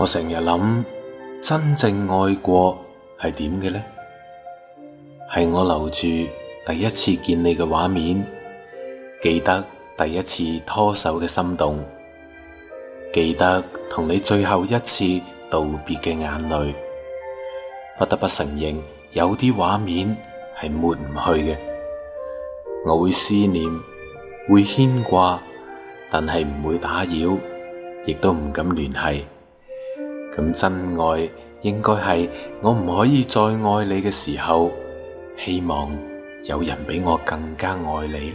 我成日諗，真正愛過係點嘅呢？係我留住第一次見你嘅畫面，記得第一次拖手嘅心動，記得同你最後一次道別嘅眼淚。不得不承認，有啲畫面係抹唔去嘅。我會思念，會牽掛，但係唔會打擾，亦都唔敢聯繫。咁真愛應該係我唔可以再愛你嘅時候，希望有人比我更加愛你。